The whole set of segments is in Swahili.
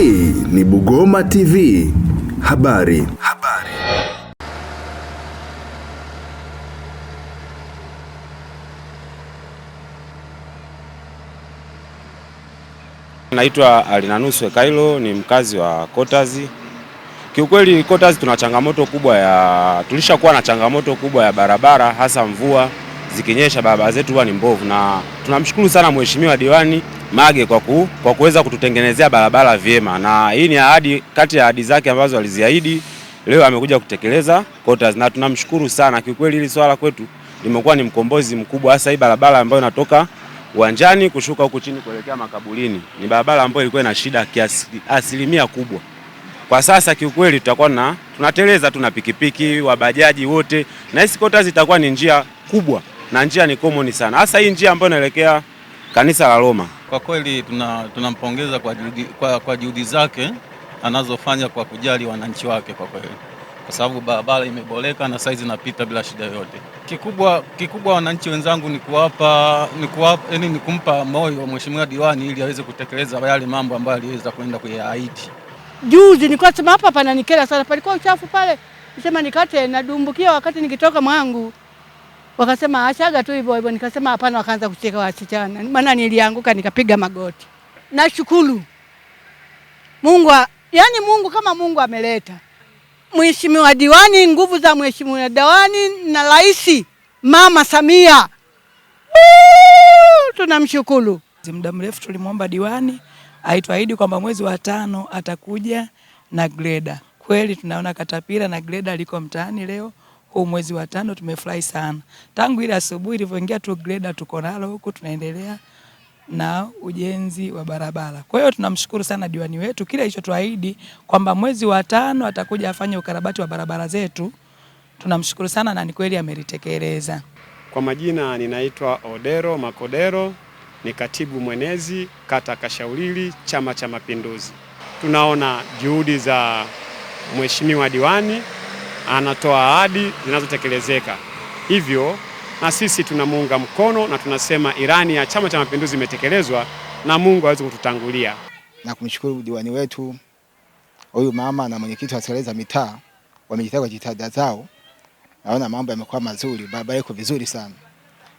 Hii ni Bugoma TV. Habari. Habari. Naitwa Alinanuswe Kailo ni mkazi wa Kotazi. Kiukweli Kotazi tuna changamoto kubwa ya tulishakuwa na changamoto kubwa ya barabara hasa mvua zikinyesha barabara zetu huwa ni mbovu na tunamshukuru sana Mheshimiwa diwani Mage kwa, ku, kwa kuweza kututengenezea barabara vyema, na hii ni ahadi kati ya ahadi zake ambazo aliziahidi, leo amekuja kutekeleza kotas, na tunamshukuru sana kiukweli. Hili swala kwetu limekuwa ni mkombozi mkubwa, hasa hii barabara ambayo inatoka uwanjani kushuka huku chini kuelekea makaburini ni barabara ambayo ilikuwa ina shida kiasi asilimia kubwa. Kwa sasa kiukweli tutakuwa na tunateleza tu na pikipiki wabajaji wote, na hizi kotas itakuwa ni njia kubwa na njia ni common sana, hasa hii njia ambayo inaelekea kanisa la Roma. Kwa kweli tunampongeza tuna kwa juhudi kwa, kwa juhudi zake anazofanya kwa kujali wananchi wake kwa kweli, kwa sababu barabara imeboleka na saizi inapita bila shida yoyote. Kikubwa, kikubwa wananchi wenzangu ni kuwapa ni kuwapa yani, ni kumpa moyo mheshimiwa diwani ili aweze kutekeleza yale mambo ambayo aliweza kwenda kuyaahidi. Juzi nilikuwa sema hapa pananikera sana, palikuwa uchafu pale, nisema nikate nadumbukia wakati nikitoka mwangu wakasema ashaga tu hivyo hivyo, nikasema hapana, wakaanza kucheka wasichana, maana nilianguka nikapiga magoti. Nashukuru Mungu, yani Mungu kama Mungu ameleta Mheshimiwa diwani, nguvu za Mheshimiwa diwani na Rais Mama Samia, tunamshukuru. Muda mrefu tulimwomba diwani aituahidi kwamba mwezi wa tano atakuja na greda. Kweli tunaona katapira na greda liko mtaani leo huu mwezi wa tano tumefurahi sana. Tangu ile asubuhi ilivyoingia tu greda tuko nalo huku tunaendelea na ujenzi wa barabara. Kwa hiyo tunamshukuru sana diwani wetu kile alichotuahidi kwamba mwezi wa tano atakuja afanye ukarabati wa barabara zetu. Tunamshukuru sana na ni kweli amelitekeleza. Kwa majina ninaitwa Odero Makodero, ni katibu mwenezi kata Kashaulili, Chama cha Mapinduzi. Tunaona juhudi za Mheshimiwa diwani anatoa ahadi zinazotekelezeka. Hivyo na sisi tunamuunga mkono na tunasema Irani ya Chama cha Mapinduzi imetekelezwa na Mungu aweze kututangulia na kumshukuru diwani wetu huyu mama na mwenyekiti wa serikali za mitaa wamejitaka jitihada zao, naona mambo yamekuwa mazuri, barabara iko vizuri sana,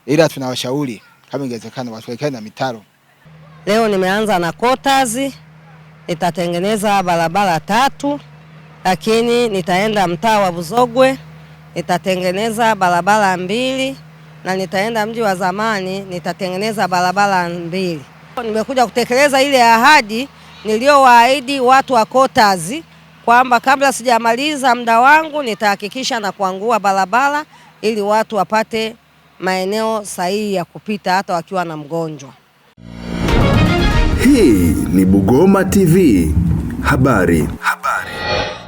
ila tunawashauri kama ingewezekana watuwekee na mitaro. Leo nimeanza na kotazi, nitatengeneza barabara tatu lakini nitaenda mtaa wa Buzogwe nitatengeneza barabara mbili na nitaenda mji wa zamani nitatengeneza barabara mbili. Nimekuja kutekeleza ile ahadi niliyowaahidi watu wa kotazi kwamba kabla sijamaliza muda wangu nitahakikisha na kuangua barabara ili watu wapate maeneo sahihi ya kupita hata wakiwa na mgonjwa. Hii ni Bugoma TV habari.